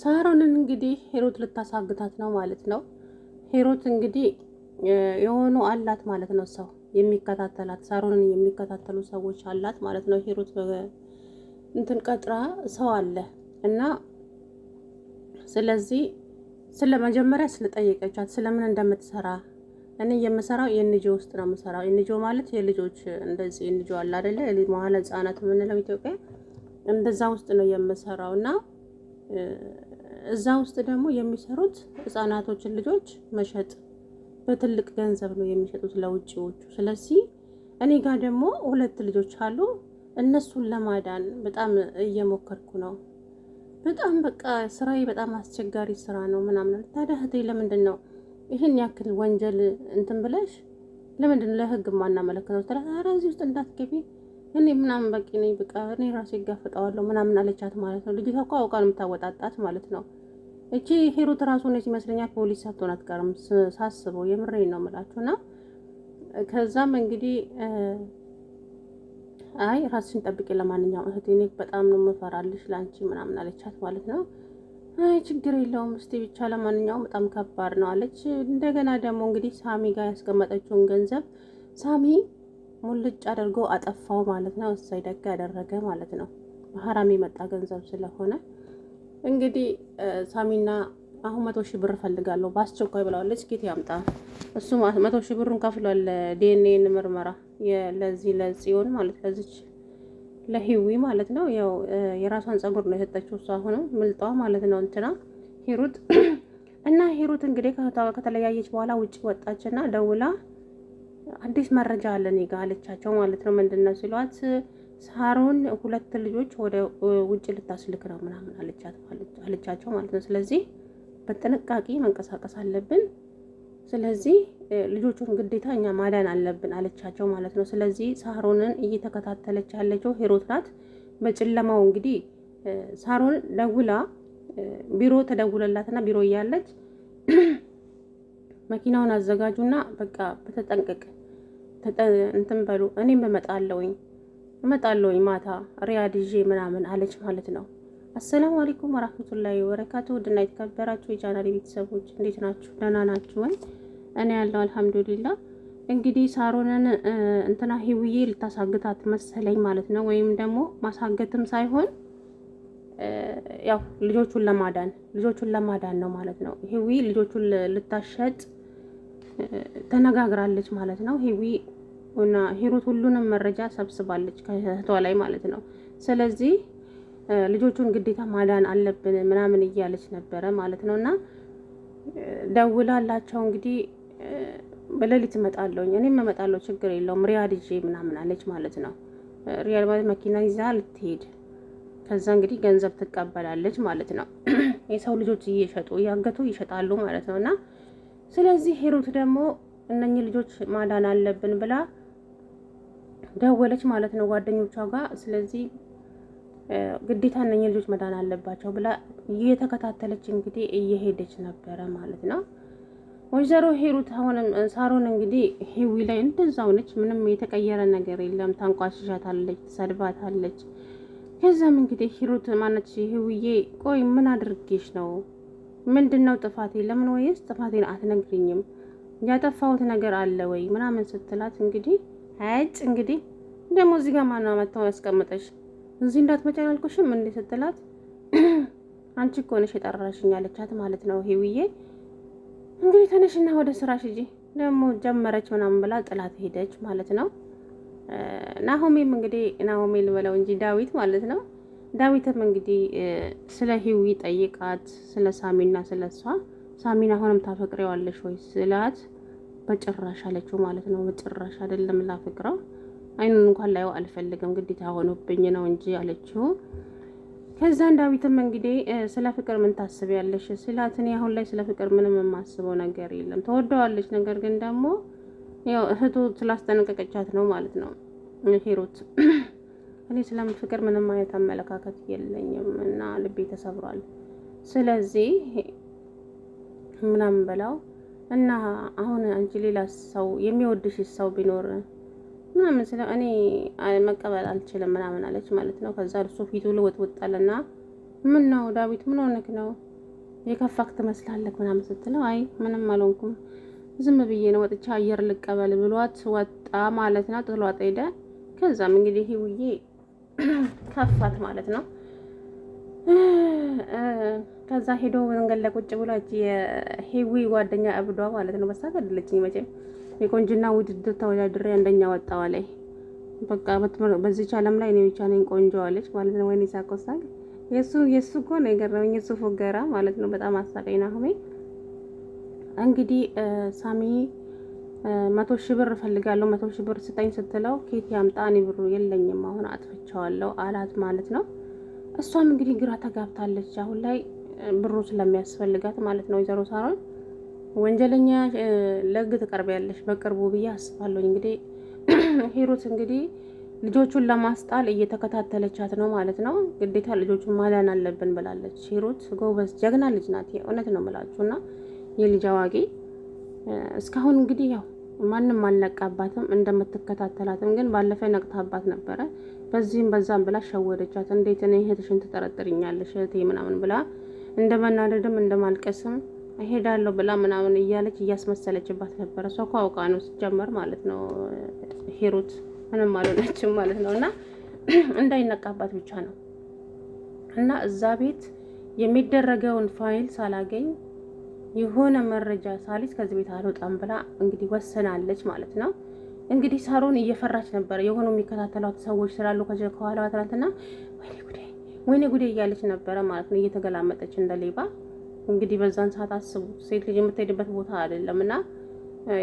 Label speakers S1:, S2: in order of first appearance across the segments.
S1: ሳሮንን እንግዲህ ሄሮት ልታሳግታት ነው ማለት ነው። ሄሮት እንግዲህ የሆኑ አላት ማለት ነው። ሰው የሚከታተላት ሳሮንን የሚከታተሉ ሰዎች አላት ማለት ነው። ሄሮት እንትን ቀጥራ ሰው አለ እና ስለዚህ ስለ መጀመሪያ ስለጠየቀቻት ስለምን እንደምትሰራ እኔ የምሰራው የንጆ ውስጥ ነው የምሰራው። የንጆ ማለት የልጆች እንደዚህ የንጆ አለ አይደለ? መዋለ ሕጻናት የምንለው ኢትዮጵያ እንደዛ ውስጥ ነው የምሰራው እና እዛ ውስጥ ደግሞ የሚሰሩት ህጻናቶችን ልጆች መሸጥ በትልቅ ገንዘብ ነው የሚሸጡት ለውጭዎቹ። ስለዚህ እኔ ጋር ደግሞ ሁለት ልጆች አሉ። እነሱን ለማዳን በጣም እየሞከርኩ ነው። በጣም በቃ ስራዬ በጣም አስቸጋሪ ስራ ነው ምናምን። ታዲያ እህቴ ለምንድን ነው ይህን ያክል ወንጀል እንትን ብለሽ ለምንድን ነው ለህግ ማናመለክተው? ኧረ እዚህ ውስጥ እንዳትገቢ እኔ ምናምን በቂ ነኝ በቃ እኔ ራሴ ይጋፈጠዋለሁ ምናምን አለቻት ማለት ነው። ልጅቷ እኮ አውቃ ነው የምታወጣጣት ማለት ነው። እቺ ሂሩት ራሱ ነች ይመስለኛል ፖሊስ ሳትሆን አትቀርም ሳስበው፣ የምሬ ነው የምላችሁና ከዛም እንግዲህ አይ ራስሽን ጠብቂ፣ ለማንኛውም እህቴ እኔ በጣም ነው የምፈራልሽ ለአንቺ ምናምን አለቻት ማለት ነው። አይ ችግር የለውም እስቲ ብቻ ለማንኛውም በጣም ከባድ ነው አለች። እንደገና ደግሞ እንግዲህ ሳሚ ጋር ያስቀመጠችውን ገንዘብ ሳሚ ሙልጭ አድርጎ አጠፋው ማለት ነው። እሳይ ደጋ ያደረገ ማለት ነው። ሀራም የመጣ ገንዘብ ስለሆነ እንግዲህ ሳሚና አሁን መቶ ሺህ ብር እፈልጋለሁ በአስቸኳይ ብለዋለች። ጌት ያምጣ እሱ መቶ ሺህ ብሩን ከፍሏል። ዲኤንኤን ምርመራ ለዚህ ለጽዮን ማለት ለዚች ለሂዊ ማለት ነው። ያው የራሷን ጸጉር ነው የሰጠችው እሷ አሁንም ምልጧ ማለት ነው እንትና ሂሩት እና ሂሩት እንግዲህ ከተለያየች በኋላ ውጭ ወጣችና ደውላ አዲስ መረጃ አለ እኔ ጋር አለቻቸው ማለት ነው። ምንድን ነው ሲሏት ሳሮን ሁለት ልጆች ወደ ውጭ ልታስልክ ነው ምናምን አለቻቸው ማለት ነው። ስለዚህ በጥንቃቄ መንቀሳቀስ አለብን፣ ስለዚህ ልጆቹን ግዴታ እኛ ማዳን አለብን አለቻቸው ማለት ነው። ስለዚህ ሳሮንን እየተከታተለች ያለችው ሄሮት ናት። በጨለማው እንግዲህ ሳሮን ደውላ ቢሮ ተደውለላትና ቢሮ እያለች መኪናውን አዘጋጁና በቃ በተጠንቀቅ እንትን በሉ እኔም እመጣለሁኝ እመጣለሁኝ ማታ ሪያድ ይዤ ምናምን አለች ማለት ነው። አሰላሙ አለይኩም ወራህመቱላሂ ወበረካቱ ውድና የተከበራችሁ የቻናሌ ቤተሰቦች እንዴት ናችሁ? ደህና ናችሁ ወይ? እኔ ያለው አልሐምዱሊላ። እንግዲህ ሳሮንን እንትና ሂውዬ ልታሳግታት መሰለኝ ማለት ነው። ወይም ደግሞ ማሳገትም ሳይሆን ያው ልጆቹን ለማዳን ልጆቹን ለማዳን ነው ማለት ነው። ሂዊ ልጆቹን ልታሸጥ ተነጋግራለች ማለት ነው። ሂዊ እና ሂሩት ሁሉንም መረጃ ሰብስባለች ከእህቷ ላይ ማለት ነው። ስለዚህ ልጆቹን ግዴታ ማዳን አለብን ምናምን እያለች ነበረ ማለት ነው። እና ደውላላቸው እንግዲህ በሌሊት እመጣለሁ እኔም እመጣለሁ ችግር የለውም ሪያድ ይዤ ምናምን አለች ማለት ነው። ሪያድ ማለት መኪና ይዛ ልትሄድ ከዛ እንግዲህ ገንዘብ ትቀበላለች ማለት ነው። የሰው ልጆች እየሸጡ እያገቱ ይሸጣሉ ማለት ነው እና ስለዚህ ሂሩት ደግሞ እነኚህ ልጆች ማዳን አለብን ብላ ደወለች ማለት ነው ጓደኞቿ ጋር። ስለዚህ ግዴታ እነኝህ ልጆች መዳን አለባቸው ብላ እየተከታተለች እንግዲህ እየሄደች ነበረ ማለት ነው። ወይዘሮ ሄሩት አሁንም ሳሮን እንግዲህ ሂዊ ላይ እንደዛው ነች። ምንም የተቀየረ ነገር የለም። ታንቋሽሻታለች፣ ትሰድባታለች። ከዛም እንግዲህ ሂሩት ማነች ሂዊዬ፣ ቆይ ምን አድርጌሽ ነው? ምንድን ነው ጥፋቴ? ለምን ወይስ ጥፋቴን አትነግሪኝም? ያጠፋሁት ነገር አለ ወይ ምናምን ስትላት እንግዲህ አጭ እንግዲህ ደግሞ እዚህ ጋር ማን አመጣው ያስቀምጠሽ? እዚህ እንዳትመጪ አላልኩሽም እንዴ ስትላት አንቺ እኮ ነሽ የጠራሽኝ አለቻት ማለት ነው ሂውዬ። እንግዲህ ተነሽና ወደ ስራሽ ሂጂ ደግሞ ጀመረች ምናምን ብላ ጥላት ሄደች ማለት ነው። ናሆሜም እንግዲህ ናሆሜ ልበለው እንጂ ዳዊት ማለት ነው። ዳዊትም እንግዲህ ስለ ሂዊ ጠይቃት ስለ ሳሚና ስለ እሷ ሳሚን አሁንም ታፈቅሪዋለሽ ወይ ስላት በጭራሽ አለችው ማለት ነው። በጭራሽ አይደለም ላፍቅረው፣ አይኑን እንኳን ላየው አልፈልግም፣ ግዴታ ሆኖብኝ ነው እንጂ አለችው። ከዛ ዳዊትም እንግዲህ ስለ ፍቅር ምን ታስቢያለሽ ሲላት፣ እኔ አሁን ላይ ስለ ፍቅር ምንም የማስበው ነገር የለም ተወደዋለች። ነገር ግን ደግሞ ያው እህቱ ስላስጠነቀቀቻት ነው ማለት ነው። ሂሩት እኔ ስለ ፍቅር ምንም አይነት አመለካከት የለኝም እና ልቤ ተሰብሯል። ስለዚህ ምናምን ብላው እና አሁን አንቺ ሌላ ሰው የሚወድሽ ሰው ቢኖር ምናምን ስለ እኔ መቀበል አልችልም ምናምን አለች ማለት ነው። ከዛ እርሱ ፊቱ ልወጥወጣልና ምን ነው ዳዊት ምን ሆነክ ነው የከፋክ ትመስላለክ ምናምን ስትለው አይ ምንም አልሆንኩም ዝም ብዬ ነው ወጥቻ አየር ልቀበል ብሏት ወጣ ማለት ነው። ጥሏት ሄደ። ከዛም እንግዲህ ህውዬ ከፋት ማለት ነው። ከዛ ሄዶ መንገድ ላይ ቁጭ ብሎ የሄዊ ጓደኛ እብዷ ማለት ነው። በሳ ገድለችኝ መቼም የቆንጅና ውድድር ተወዳድሬ አንደኛ ወጣው ላይ በቃ በዚች ዓለም ላይ እኔ ብቻ ነኝ ቆንጆ አለች ማለት ነው። ወይኔ ሳቆሳል የሱ የሱ እኮ ነው የገረመኝ የሱ ፉገራ ማለት ነው። በጣም አሳቀኝ ናሁሜ። እንግዲህ ሳሚ መቶ ሺ ብር እፈልጋለሁ መቶ ሺ ብር ስጠኝ ስትለው ኬት ያምጣ እኔ ብሩ የለኝም አሁን አጥፍቼዋለሁ አላት ማለት ነው። እሷም እንግዲህ ግራ ተጋብታለች። አሁን ላይ ብሩ ስለሚያስፈልጋት ማለት ነው። ወይዘሮ ሳሮን ወንጀለኛ ለህግ ትቀርቢያለሽ በቅርቡ ብዬ አስባለሁ። እንግዲህ ሂሩት እንግዲህ ልጆቹን ለማስጣል እየተከታተለቻት ነው ማለት ነው። ግዴታ ልጆቹን ማዳን አለብን ብላለች። ሂሩት ጎበዝ ጀግና ልጅ ናት። እውነት ነው የምላችሁ እና የልጅ አዋቂ እስካሁን እንግዲህ ያው ማንም አልነቃባትም። እንደምትከታተላትም ግን ባለፈ ነቅታባት ነበረ። በዚህም በዛም ብላ ሸወደቻት። እንዴት እኔ እህትሽን ትጠረጥርኛለሽ እህቴ ምናምን ብላ እንደ መናደድም እንደ ማልቀስም እሄዳለሁ ብላ ምናምን እያለች እያስመሰለችባት ነበረ። እሷ እኮ አውቃ ነው ሲጀመር ማለት ነው። ሂሩት ምንም አልሆነችም ማለት ነው። እና እንዳይነቃባት ብቻ ነው እና እዛ ቤት የሚደረገውን ፋይል ሳላገኝ የሆነ መረጃ ሳሊስ ከዚህ ቤት አልወጣም ብላ እንግዲህ ወሰናለች ማለት ነው። እንግዲህ ሳሮን እየፈራች ነበረ። የሆኑ የሚከታተሏት ሰዎች ስላሉ ከኋላዋ ትናንትና ወይኔ ጉዴ ወይኔ ጉዴ እያለች ነበረ ማለት ነው፣ እየተገላመጠች እንደ ሌባ እንግዲህ በዛን ሰዓት አስቡት። ሴት ልጅ የምትሄድበት ቦታ አይደለም እና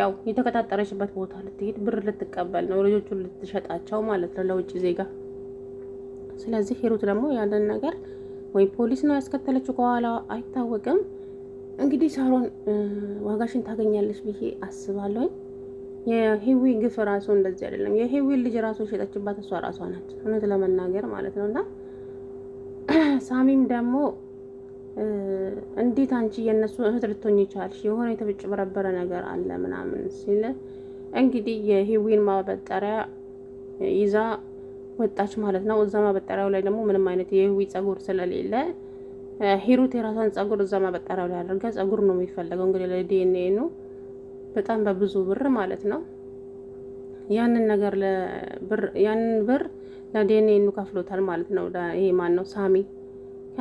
S1: ያው የተቀጣጠረችበት ቦታ ልትሄድ ብር ልትቀበል ነው፣ ልጆቹን ልትሸጣቸው ማለት ነው ለውጭ ዜጋ። ስለዚህ ሄሩት ደግሞ ያንን ነገር ወይ ፖሊስ ነው ያስከተለችው ከኋላ አይታወቅም እንግዲህ ሳሮን ዋጋሽን ታገኛለች ብዬ አስባለሁኝ። የሂዊ ግፍ ራሱ እንደዚህ አይደለም። የሂዊ ልጅ ራሱ ሸጠችባት እሷ ራሷ ናት፣ እውነት ለመናገር ማለት ነው። እና ሳሚም ደግሞ እንዴት አንቺ የእነሱ እህት ልትሆኝ ይቻልሽ? የሆነ የተበጭበረበረ ነገር አለ ምናምን ሲል እንግዲህ የሂዊን ማበጠሪያ ይዛ ወጣች ማለት ነው። እዛ ማበጠሪያው ላይ ደግሞ ምንም አይነት የሂዊ ጸጉር ስለሌለ ሂሩት የራሷን ጸጉር እዛ ማበጠሪያው ላይ አድርጋ ጸጉር ነው የሚፈለገው እንግዲህ ለዲኤንኤ ነው በጣም በብዙ ብር ማለት ነው። ያንን ነገር ለብር ያንን ብር ለዲኤንኤ ነው ከፍሎታል ማለት ነው። ይሄ ማን ነው ሳሚ።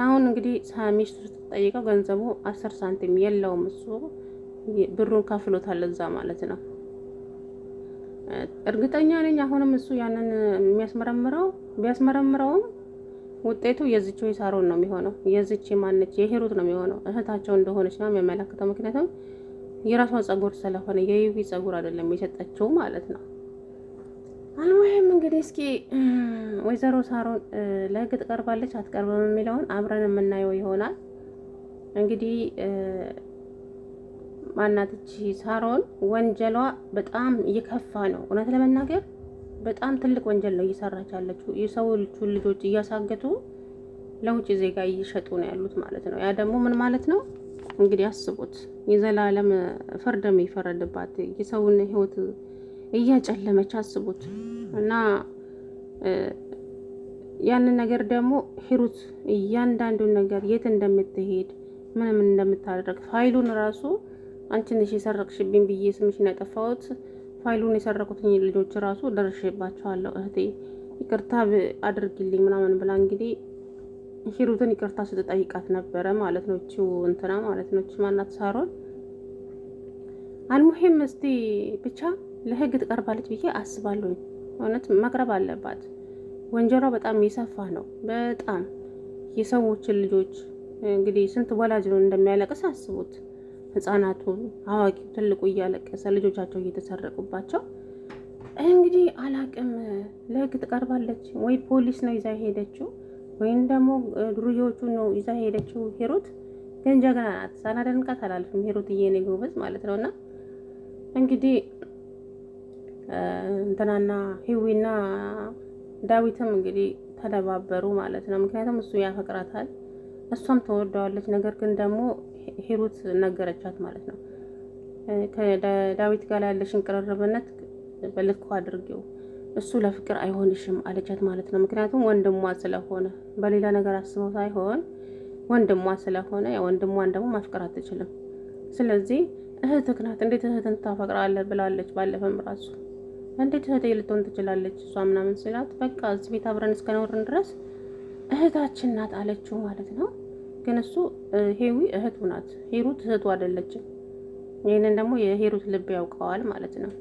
S1: አሁን እንግዲህ ሳሚ ስትጠይቀው ገንዘቡ አስር ሳንቲም የለውም እሱ ብሩን ከፍሎታል እዛ ማለት ነው። እርግጠኛ ነኝ አሁንም እሱ ያንን የሚያስመረምረው ቢያስመረምረውም ውጤቱ የዝቹ ሳሮን ነው የሚሆነው። የዝች ማነች የሂሩት ነው የሚሆነው። እህታቸው እንደሆነች ነው የሚያመለክተው። ምክንያቱም የራሷ ጸጉር ስለሆነ የዩቪ ጸጉር አይደለም የሰጠችው ማለት ነው። አልሙሄም እንግዲህ እስኪ ወይዘሮ ሳሮን ለህግ ትቀርባለች አትቀርብም የሚለውን አብረን የምናየው ይሆናል። እንግዲህ ማናትች ሳሮን ወንጀሏ በጣም እየከፋ ነው እውነት ለመናገር በጣም ትልቅ ወንጀል ነው እየሰራች ያለችው። የሰዎቹን ልጆች እያሳገቱ ለውጭ ዜጋ እየሸጡ ነው ያሉት ማለት ነው። ያ ደግሞ ምን ማለት ነው? እንግዲህ አስቡት። የዘላለም ፍርድ የሚፈረድባት የሰውን ህይወት እያጨለመች አስቡት። እና ያንን ነገር ደግሞ ሂሩት እያንዳንዱን ነገር የት እንደምትሄድ ምንም እንደምታደርግ ፋይሉን ራሱ አንቺ ነሽ የሰረቅሽብኝ ብዬ ስምሽን ያጠፋሁት ፋይሉን የሰረቁትኝ ልጆች ራሱ ደርሼባቸዋለሁ። እህቴ ይቅርታ አድርጊልኝ ምናምን ብላ እንግዲህ ሂሩትን ይቅርታ ስትጠይቃት ነበረ ማለት ነው። እቺ እንትና ማለት ነው። እቺ ማናት ሳሮን አልሙሂም እስቲ ብቻ ለህግ ትቀርባለች ብዬ አስባለሁ። እውነት መቅረብ አለባት። ወንጀሏ በጣም የሰፋ ነው። በጣም የሰዎችን ልጆች እንግዲህ ስንት ወላጅ ነው እንደሚያለቅስ አስቡት። ህፃናቱ፣ አዋቂው፣ ትልቁ እያለቀሰ ልጆቻቸው እየተሰረቁባቸው እንግዲህ አላቅም። ለህግ ትቀርባለች ወይ ፖሊስ ነው ይዛ ሄደችው ወይም ደግሞ ዱርዬዎቹ ነው ይዛ ሄደችው። ሄሩት ግን ጀግና ናት፣ ሳላደንቃት አላልፍም። ሄሩት እየኔ ጎበዝ ማለት ነው። እና እንግዲህ እንትናና ህዊና ዳዊትም እንግዲህ ተደባበሩ ማለት ነው። ምክንያቱም እሱ ያፈቅራታል፣ እሷም ተወደዋለች። ነገር ግን ደግሞ ሂሩት ነገረቻት ማለት ነው። ከዳዊት ጋር ያለሽን ቅርርብነት በልኩ አድርጌው እሱ ለፍቅር አይሆንሽም አለቻት ማለት ነው። ምክንያቱም ወንድሟ ስለሆነ በሌላ ነገር አስበው ሳይሆን ወንድሟ ስለሆነ ወንድሟን ደግሞ ማፍቀር አትችልም። ስለዚህ እህትህ ናት፣ እንዴት እህትን ታፈቅራለህ ብላለች። ባለፈም ራሱ እንዴት እህቴ ልትሆን ትችላለች እሷ ምናምን ስላት፣ በቃ እዚህ ቤት አብረን እስከኖርን ድረስ እህታችን ናት አለችው ማለት ነው። ግን እሱ ሄዊ እህቱ ናት፣ ሂሩት እህቱ አይደለችም። ይህንን ደግሞ የሂሩት ልብ ያውቀዋል ማለት ነው።